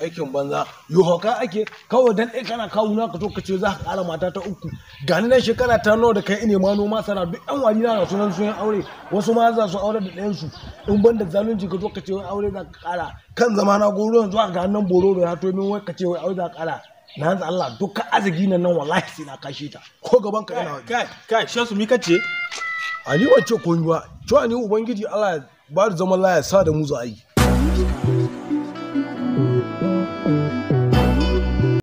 aikin banza yi ake kawai dan ɗaya kana kawo na ka to ka ce za ka ƙara mata ta uku gani nan shekara ta nawa da kai ine ma noma sana duk ɗan wani na sunan sunan aure wasu ma za su aure da ɗayan su in ban da zalunci ka zo ka ce wai aure za ka ƙara kan zama na goro yanzu a ga nan bororo ya to min wai ka ce wai aure za ka ƙara na yanzu Allah dukkan arziki nan nan wallahi sai na kashe ta ko gaban ka ina kai kai su mi kace a ni wacce ko yiwa cewa ni ubangiji Allah ba da zaman ya sa da mu za a yi Thank you.